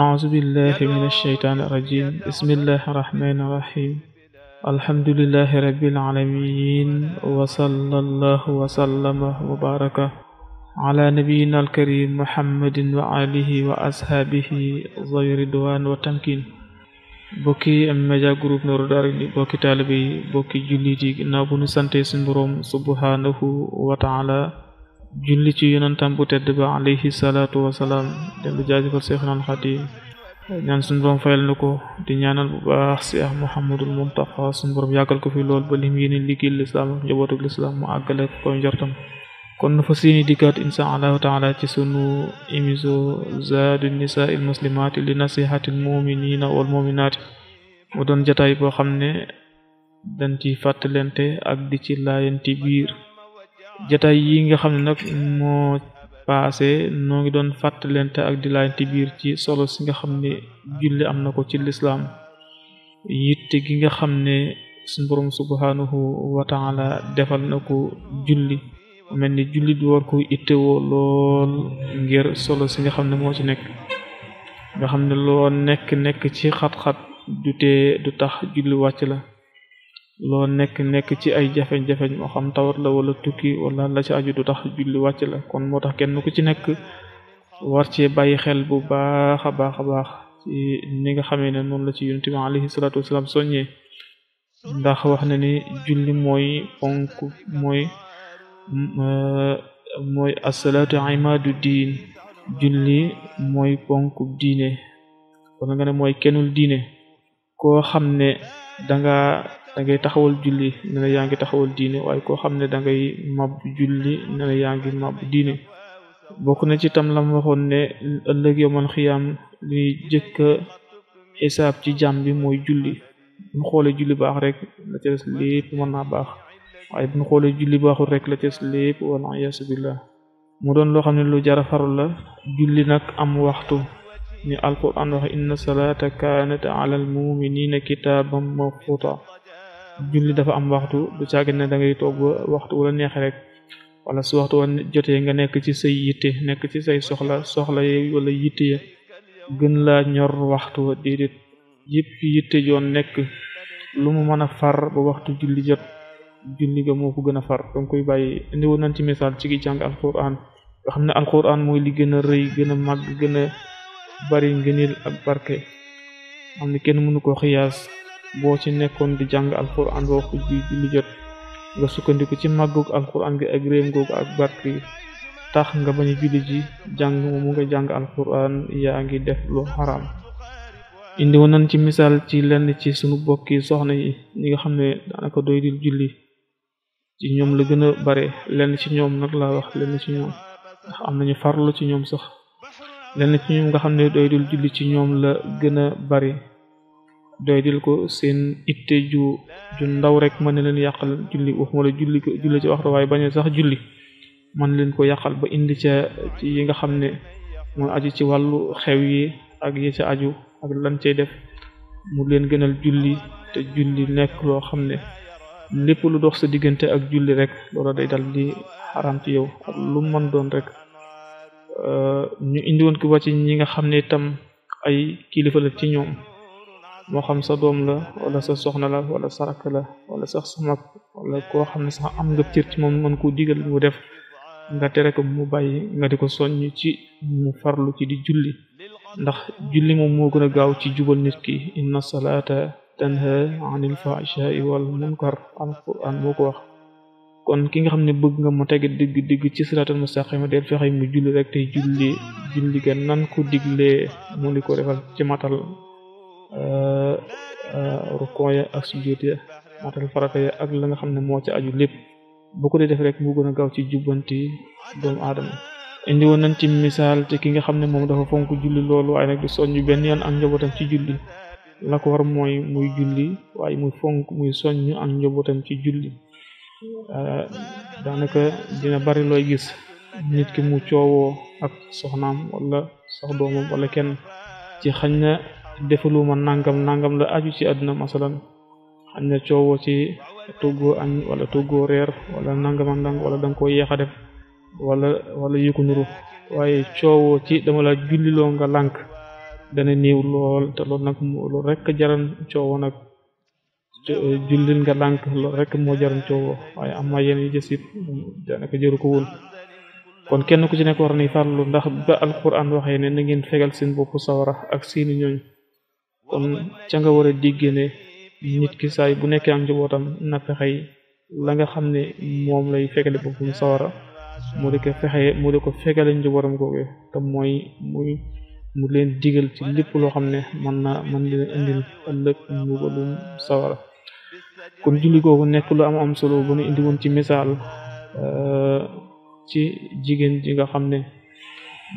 أعوذ بالله من الشيطان الرجيم بسم الله الرحمن الرحيم الحمد لله رب العالمين وصلى الله وسلم وبارك على نبينا الكريم محمد وآله وأصحابه ذوي رضوان وتمكين bokki Media Group Nourou Darayni bokki taalibe yi bokki jullit yi ginnaaw bu nu sante suñu Boroom subhaanahu wa taala julli ci yonentam bu tedd ba alayhi salaatu wasalaam dem di jaajëfal Seexul Xadiim ñaan suñu borom ko di ñaanal bu baax Seex Muhammadul Muntaqa suñu borom yàggal ko fi lool ba lim yéene liggéeyal lislaam mu àggale ko njortam kon na fas yéene dikkaat insha allahu taala ci sunu émission zaadu nisaa il muslimaati li nasihatil muminina wal muminaati mu doon jataay boo xam ne dañ ci fàttalente ak di ci laayenti biir jataay yi nga xam ne nag moo paase noo ngi doon fàttalente ak di laante biir ci solo si nga xam ne julli am na ko ci lislaam yitte gi nga xam ne suñu borom subhanahu wa taala defal na ko julli mel ni julli du war ko ittewoo lool ngir solo si nga xam ne moo ci nekk nga xam ne loo nekk nekk ci xat-xat du du tax julli wàcc la loo nekk nekk ci ay jafe-jafe moo xam tawat la wala tukki wala la ci aju du tax julli wàcc la kon moo tax kenn ku ci nekk war cee bàyyi xel bu baax a baax a baax ci ni nga xamee ne noonu la ci yonent bi alayhi salaatu wasalaam ndax wax na ni julli mooy ponk mooy euh, mooy asalaatu imaadu diin julli mooy ponk diine kon nga ne mooy kennul diine koo xam danga da ngay taxawal julli ne la yaa ngi waaye koo xam ne dangay ngay mab julli ne la yaa ngi bokk na ci tam lam waxoon ne ëllëg yoman xiyam li jëkk a ci jàmm bi mooy julli bu ñu xoolee julli baax rek la ca des lépp baax waaye bu xoole julli baaxul rek la ca des lépp wala yasubillah mu doon loo xam ne lu jara faru la julli nag am waxtu ni alquran wax inna salaata kaanat ala almuminina kitaaban mawquta julli dafa am waxtu du caagin ne da toog waxtu wala neexee rek wala su waxtu wa jotee nga nekk ci say yitte nekk ci say soxla soxla ye wala yitte ya gën laa ñor waxtu wa déedéet yëpp yitte joon nekk lu mu mën a far ba waxtu julli jot julli ga moo ko gën a far danga koy bay indi woon nañ ci misaal ci gi jàng alquran nga xam ne alquran mooy li gën a rëy gën a mag gën a bari ngënil ak barke xam ne kenn mënu ko xiyaas boo ci nekkoon di jàng alquran boo ko di julli jot nga sukkandiku ci màggug alquran gi ak réem googu ak barke tax nga bañ a julli ji jàng mu nga jàng alquran yaa ngi def lu xaraam indi woon nañ ci misaal ci lenn ci sunu bokki soxna yi ñi nga xam ne daanaka doy dil julli ci ñoom la gën a bare lenn ci ñoom nag laa nañu farlu ci ñoom sax lenn ci ñoom nga ci ñoom la gën a bare doydil ko seen itte ju ju ndaw rek mën na leen yàqal julli waxumala julli ko ci waxtu waaye bañ sax julli mën leen ko yàqal ba indi ca ci yi nga xam ne mooy aju ci wàllu xew yi ak yi ca aju ak lan cay def mu leen gënal julli te julli nekk loo xam ne lépp lu dox sa diggante ak julli rek loola day dal di xaram ci yow ak lu mën doon rek ñu indiwoon ko ba ci ñi nga xam ne itam ay kilifa ci ñoom moo xam sa doom la wala sa soxna la wala sa rakk la wala sax sa mag wala koo xam ne sax am nga cër ci moom mën koo digal mu def nga tere ko mu bàyyi nga di ko soññ ci mu farlu ci di julli ndax julli moom moo gën a gaaw ci jubal nit ki inna salaata tanha anil fahishai wal munkar alquran moo ko wax kon ki nga xam ne bëgg nga mu tege digg digg ci siraatal ma del fexe mu julli rek tey julli julli ga nan ko diglee mu di ko defal ci matal Euh, euh, rukon ya ak sujjóot ya matal farata ya ak la nga xam ne moo ci aju lépp bu ko dee def rek mu gën a gaaw ci jubbanti doomu aadama indi woon nañ ci misaal te ki nga xam ne moom dafa fonk julli loolu waaye nag benn yoon ak njabootam ci julli la ko war mooy muy julli waaye muy fonk muy soññ ak njabootam ci julli euh, dina bari looy gis nit ki mu coowoo ak soxnaam wala sax doomam wala kenn ci xañ na defaluma nangam nangam la aju ci àdduna masalan xañ na coowo ci toggoo añ wala toggoo reer wala nangam ak nangam wala da nga koo a def wala wala yu ko waaye coowoo ci dama la julliloo nga lànk dana néew lool te loolu nag rek jaran coowoo nag eh, jullil nga lànk loolu rek moo jaran coowoo waaye am na yenn yi jës it daanaka jëru ko woon kon kenn ku ci nekk war nañ farlu ndax ba alquran waxee ne na ngeen fegal seen bopp sawara ak seeni ñooñ kon ca nga war a diggale nit ki saay bu nekkee ak njabootam na fexey la nga xam ne moom lay fegale boppam sawara mu di ko fexe mu di ko fegale njabootam googu te mooy muy mu leen digal ci lépp loo xam ne mën na mën leen indil ëllëg mbugalum sawara lu am solo bu nu indi ci misaal ci jigéen ji nga xam ne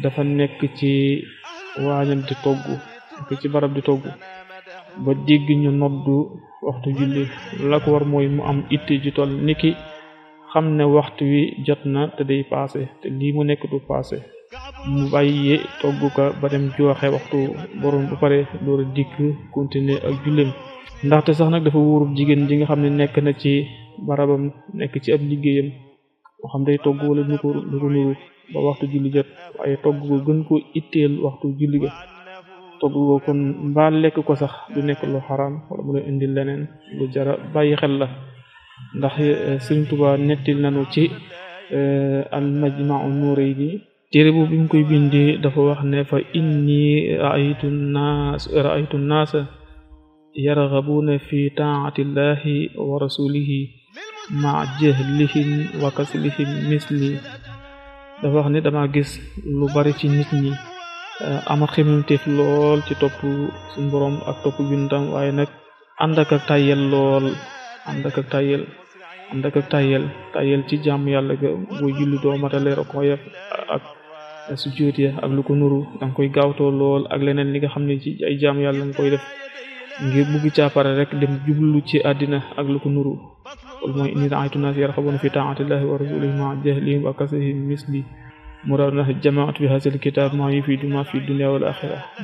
dafa nekk ci waajal di togg ci barab di togg ba dégg ñu noddu waxtu julli la ko war mooy mu am itte ji toll ki xam ne waxtu wi jot na te day paase te lii mu nekk du paase mu bàyyi togg ka ba dem jooxe waxtu borom bu pare door dikk continuer ak julleem ndaxte sax nag dafa wóorub jigéen ji nga xam ne nekk na ci barabam nekk ci ab liggéeyam moo xam day togg wala nu ko nuru ba waxtu julli jot waaye togg ko gën koo itteel waxtu julli ga taddugo kon mbaa lekk ko sax du nekk lu xaram wala mu indi leneen lu jara bàyyi xel la ndax eh, Sëriñ Tuubaa nettil nañu ci eh, al majma'u nurayni téere boobu bi mu koy bindi dafa wax ne fa inni raaytu naas raaytu naas yarghabuna fi taa'atillahi wa rasulihi ma jahlihim wa kaslihim misli dafa wax ne dama gis lu bari ci nit ñi Eh, ama xemmemteef lool ci topp suñu borom ak topp yuntam waaye nag ànd ak ak tàyyel lool ànd ak ak tàyyel ci jàmm yàlla ga booy julli doo matale roko ya ak sujjóot ak lu ko nuru danga koy gaawtoo lool ak leneen li nga xam ne ci ay jàmm yàlla nga koy def ngir bugg caapare rek dem jublu ci àddina ak lu ko nuru loolu mooy inni raaytu naas yarxabuna fi taatillahi wa rasulihi ma jahlihim wa kasrihim misli muraadu ndax jamaatu bi hasil kitaab maa yufiidu maa fi dunya wal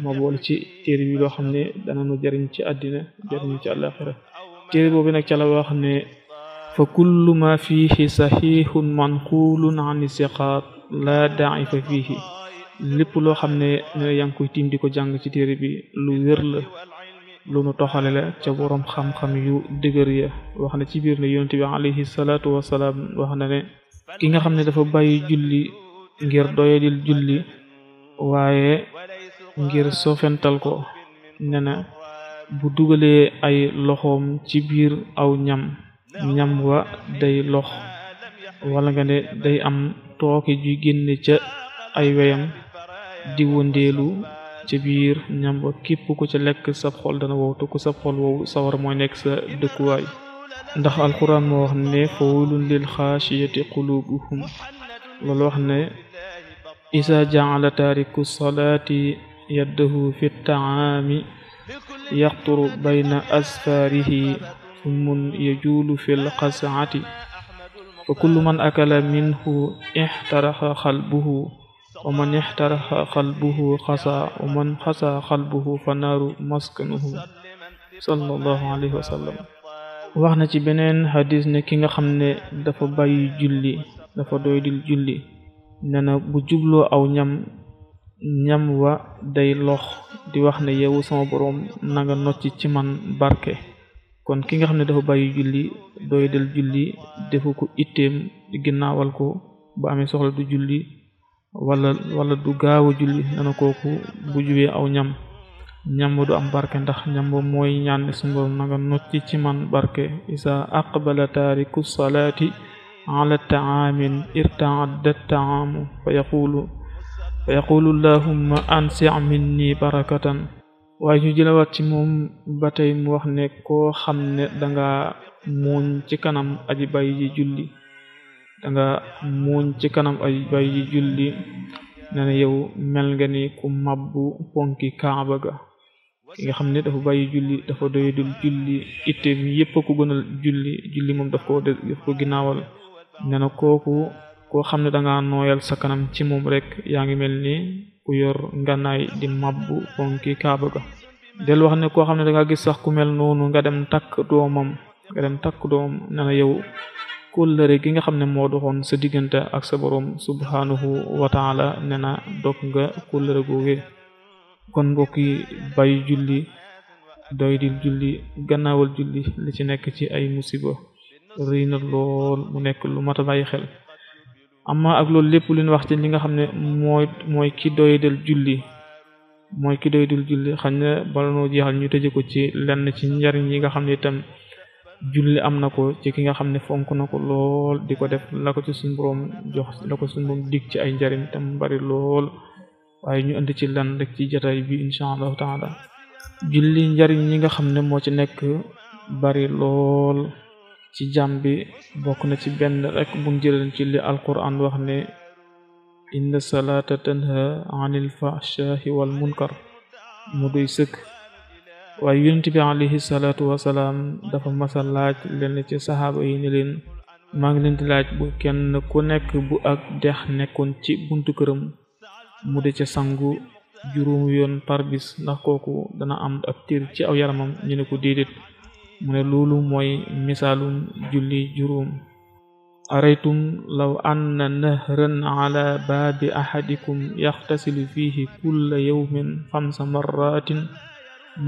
ma boole ci téere bi loo xam ne danañu jariñ ci àddina jëriñ ci àlaxira téere bi nag ca la wax ne fa kullu ma fiihi saxiixun manquulun an siqaat laa daifa fiihi lépp loo xam ne ne yaa ngi koy tiim di ko jàng ci téere bi lu wér la lu nu toxale la ca boroom xam-xam yu dëgër wax na ci biir ne yonent bi alayhi salaatu wasalaam wax na ne ki nga xam ne dafa bàyyi julli ngir doyadil julli waaye ngir sofental ko nee na bu dugalee ay loxoom ci biir aw ñam ñam wa day lox wala nga ne day am tooke ju génne ca ay weyam di wëndeelu ca biir ñam wa képp ku ca lekk sab xol dana wow te sab xol wow sawar mooy nekk sa dëkkuwaay ndax alquran moo wax ne fa waylun lil xaashiyati qulubuhum loolu wax ne isa jacala taariku salaati yaddahu fi taami yaxturu bayna asfaarihi sumun yajuulu fi lxascati fa kullu man akala minhu ixtaraxa xalbuhu wa man ixtaraxa xalbuhu xasa wa man xasa xalbuhu fa naaru maskanuhu sallallahu alayhi wa sallam wax na ci beneen xadis ne ki nga xam ne dafa bàyyi julli dafa doy dil julli nena bu jubloo aw ñam ñam wa day lox di wax ne yow sama boroom nanga nocc ci man barke kon ki nga xam ne dafa bàyyi julli doy del julli defu ko itteem ginnaawal ko ba amee soxla du julli wala wala du gaaw a julli nena kooku bu jubee aw ñam ñam wa du am barke ndax ñam wa mooy ñaan ne suñu boroom nanga ci man barke isa aqbala taariku salaati ala taamin irtaadda taamu fa yaqulu fa yaqulu allahumma ansi minni barakatan waaye ñu jëlawaat ci moom ba tey mu wax ne koo xam ne danga muuñ ci kanam aji bay ji julli danga muuñ ci kanam aji bay ji julli ne na yow mel nga ni ku mabbu ponki kaaba ga ki nga xam ne dafa bàyyi julli dafa doyadul julli itteem yépp a ko gënal julli julli moom daf ko def nee na kooku koo xam ne danga nooyal sa kanam ci moom rek yaa ngi mel ni yor nganaay di mabbu ponki kaaba ga del wax ne koo xam ne danga gis sax ku mel noonu nga dem takk doomam nga dem takk doom nee na yow kóllëre gi nga xam ne moo doxoon sa diggante ak sa borom subhanahu wa taala nee na dog nga kóllëre googe kon mbokk yi bàyyi julli doy di julli gannaawal julli li ci nekk ci ay musiba rëy na lool mu nekk lu mat a bàyyi xel amma ak loolu lépp lu wax ci li nga xam ne mooy mooy ki doy del julli mooy ki doy del julli xam ne bala noo jeexal ñu tëje ko ci lenn ci njariñ yi nga xam ne itam julli am na ko ci ki nga xam ne fonk na ko lool di ko def la ko ci suñu jox la ko suñu borom ci ay njariñ tam bari lool waaye ñu indi ci lan rek ci jataay bi incha allahu taala julli njariñ yi nga xam ne moo ci nekk bari lool ci jàm bi bokk na ci benn rek bu jëleen ci li alquran wax ne inna salaata tanha anil fahshaahi wal munkar mu duy sëkk waaye yonent bi alayhi salaatu wasalaam dafa masa laaj leen ci saxaaba yi ne leen maa ngi leen ci laaj bu kenn ku nekk bu ak dex nekkoon ci buntu këram mu de ci sangu juróom yoon parbis ndax kooku dana am ab tiir ci aw yaramam ñu ne ko déedéet mu ne loolu mooy misaalum julli juróom araytum law anna nahran ala baabi ahadikum yaxtasilu fihi kulla yawmin xamsa marratin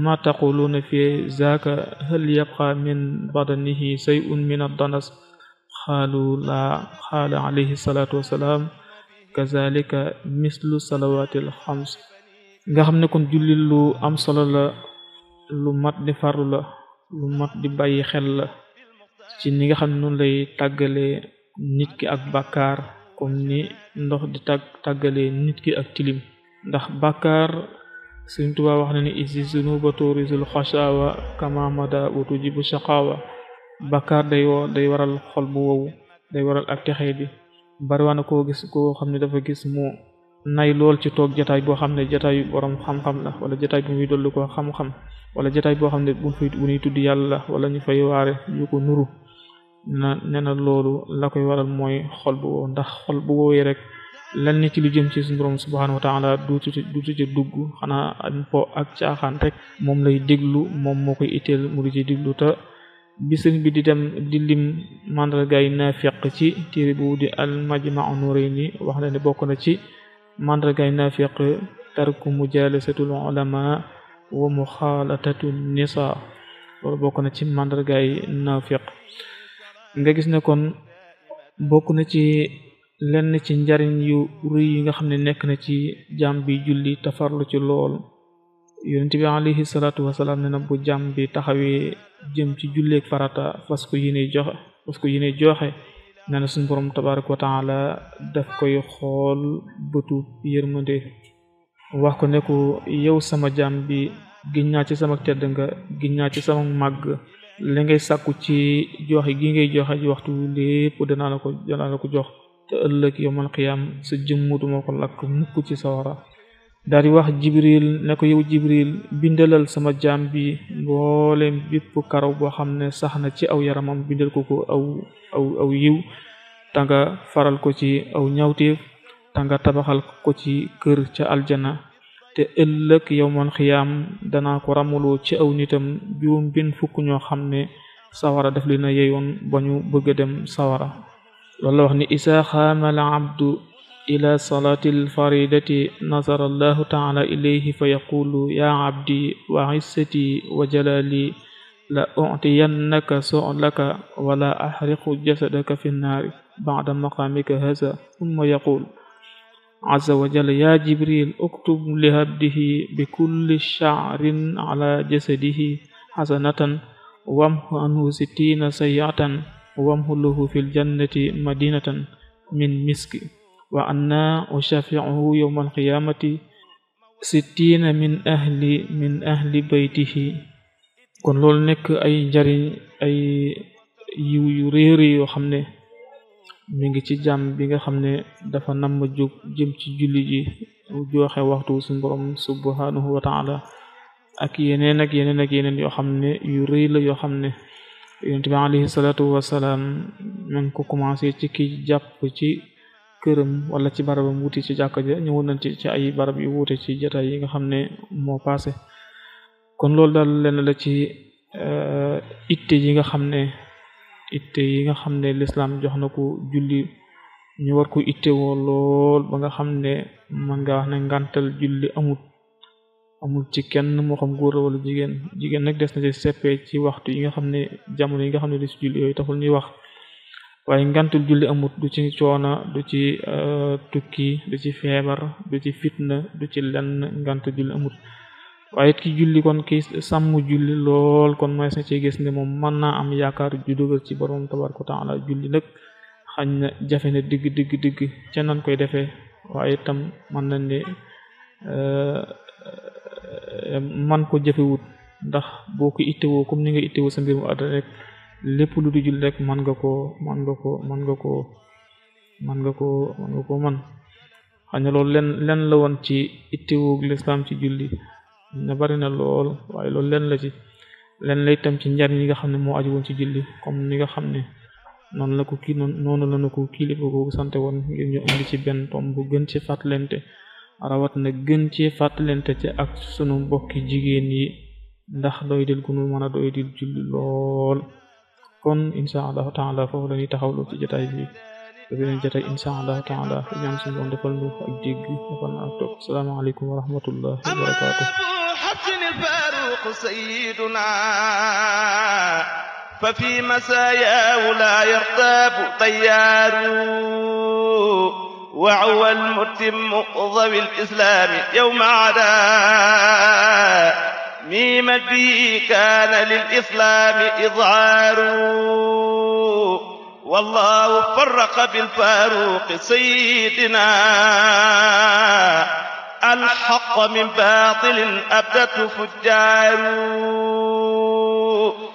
ma taquluuna fi zaaka hal yabqa min badanihi shay'un min ad-danas laa qaala alayhi salaatu wassalaam kazalika mislu salawaatil xams nga xam ne kon julli lu am solo la lu mat di farlu lu mat di bàyyi xel la ci ni nga xam ne noonu lay tàggalee nit ki ak bàkkaar kom ni ndox di tàgg tàggalee nit ki ak tilim ndax bàkkaar Sëriñ Tuubaa wax na ni isi zunuba tuurisul xasaawa kama mada wa tujibu shaqaawa bàkkaar day woo day waral xol bu wow day waral ak texee di waa na koo gis koo xam ne dafa gis moo nay lool ci toog jataay boo xam ne jataayu borom xam-xam la wala jataay bu muy ko xam-xam wala jataay boo xam ne bu fay bu ñuy tudd yàlla wala ñu fay waare yu ko nuru ne nee na loolu la koy waral mooy xol bu ndax xol bu woowee rek ni ci lu jëm ci suñu borom subhanahu wa taala duutu duutu ci dugg xanaa am po ak caaxaan rek moom lay déglu moom moo koy itteel mu ci déglu ta bi sëriñ bi di dem di lim mandargaay naafeq ci téere bu di al majma'u nurayni wax na ne bokk na ci màndargay naafiq tarku mujaalasatul ulama wa muxaalatatu nisa loolu bokk na ci màndargay naafiq nga gis ne kon bokk na ci lenn ci njariñ yu rëy yi nga xam ne nekk na ci jàmm bi julli te farlu ci lool yonent bi alayhi salaatu wasalaam ne na bu jàmm bi taxawee jëm ci julleeg farata fas ko yéene joxe fas ko joxe nee na suñu borom tabaaraka wa def daf koy xool bëtu yërmande wax ko ne ko yow sama jaam bi giñ naa ci sama tedd nga giñ naa ci sama màgg li ngay sakku ci joxe gi ngay joxe ci waxtu lépp danaa la ko danaa ko jox te ëllëg yowmal qiyaam sa jëmm duma ko lakk mukk ci sawara daal di wax jibril ne ko yow jibril bindalal sama jaam bi mboolem bépp karaw boo xam ne sax na ci aw yaramam bindal ko ko aw aw yiw tanga faral ko ci aw ñawteef tanga tabaxal ko ci kër ca aljana te ëllëg yow man xiyaam danaa ko ramuloo ci aw nitam juróom benn fukk ñoo xam ne sawara def li na yeyoon ba ñu bëgg a dem sawara loolu la wax ni isa abdu ila salaati alfaridati nazara allahu taala ilayhi fa yaqulu ya abdi wa izzati wa jalali la utiyannaka solaka wala axriqu jasadaka fi nnaari bada maqamika haza summa yaqul azza wa jalla ya jibril uktub li habdihi bi kulli sha'rin ala jasadihi xasanatan wamhu anhu sittina sayiatan wamhu lahu fi ljannati madinatan min miski wa anna ushafi'uhu yawma alqiyamati sittina min ahli min ahli baytihi kon loolu nekk ay njariñ ay yiw yu réeri yoo xam ne mi ngi ci jàmm bi nga xam ne dafa namm jóg jëm ci julli ji jooxe waxtu suñ borom subhanahu wa taala ak yeneen ak yeneen ak yeneen yoo xam ne yu rëy la yoo xam ne yonent salaatu wasalaam ma ko commencé ci ki jàpp ci këram wala ci barabam wuti ci jàkka ja ñëwoon ci ay barab yu wuute ci jotaay yi nga xam ne moo passé kon loolu daal lenn la ci eh, itte yi nga xam ne itte yi nga xam ne lislaam jox na ko julli ñu war ko itte woo lool ba nga xam ne man nga wax ne ngàntal julli amut amul ci kenn moo xam góor wala jigéen jigéen nag des na ci seppee ci waxtu yi nga xam ne jamono yi nga xam ne li julli yooyu taxul ñuy wax waaye ngantul julli amut du ci coona du ci eh, tukki du ci feebar du ci fitna du ci lenn ngantul julli amut waaye ki julli kon ki sàmm julli lool kon mooy sa ci gis ni moom mën naa am yaakaar ju dëgër ci borom ko wa taala julli nag xañ na jafe na digg digg digg ca nan koy defee waaye itam mën na ne eh, eh, man ko jëfewut ndax boo ko ittewoo comme ni nga ittewoo sa mbir mu àddina rek lépp lu di julli rek mën nga koo mën nga ko mën nga koo mën nga koo mën nga mën xëy na loolu len len la woon ci ittiwug lislaam ci julli na bari na lool waaye loolu len la ci len la itam ci njariñ yi nga xam ne moo aju woon ci julli comme ni nga xam ne noonu la ko kii noonu la na ko kilifa googu sante woon ngir ñu ci benn tomb bu gën ci fàttalente rawat na gën ci fàttalente ci ak sunu mbokki jigéen yi ndax doy dil gunu mën a doy dil julli lool kon insha allahu taala foofu la ñuy taxawlu ci jotaay bi ba beneen jotaay insha allahu taala ñaan suñu borom defal nu ak dégg defal nu ak topp salaamaaleykum wa rahmatullah wa barakaatuh حسن الفاروق سيدنا ففي مساياه لا يرتاب طيار وعوى المتم ضوي الإسلام يوم عداء miima bi kaana lil islaami izhaaru wallaahu farraqa bil faaruqi sayyidinaa al haqqa min baatilin abdatu fujjaaru